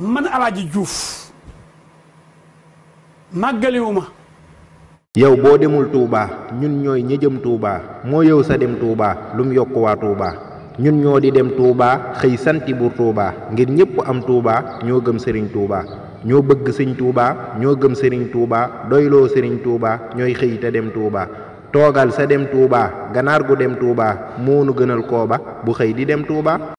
man Alaaji Juuf màggaliwuma yow boo demul tuuba ñun ñooy ñi jëm Touba moo yow sa dem Touba lum yokk waa Touba ñun ñoo di dem tuuba xëy santi bu Touba ngir ñëpp am Touba ñoo gëm Sëriñ tuuba ñoo bëgg Sëñ Touba ñoo gëm Sëriñ Touba doyloo Sëriñ Touba ñooy xëy te dem Touba toogal sa dem Touba ganaar gu dem Touba moonu gënal kooba bu xëy di dem Touba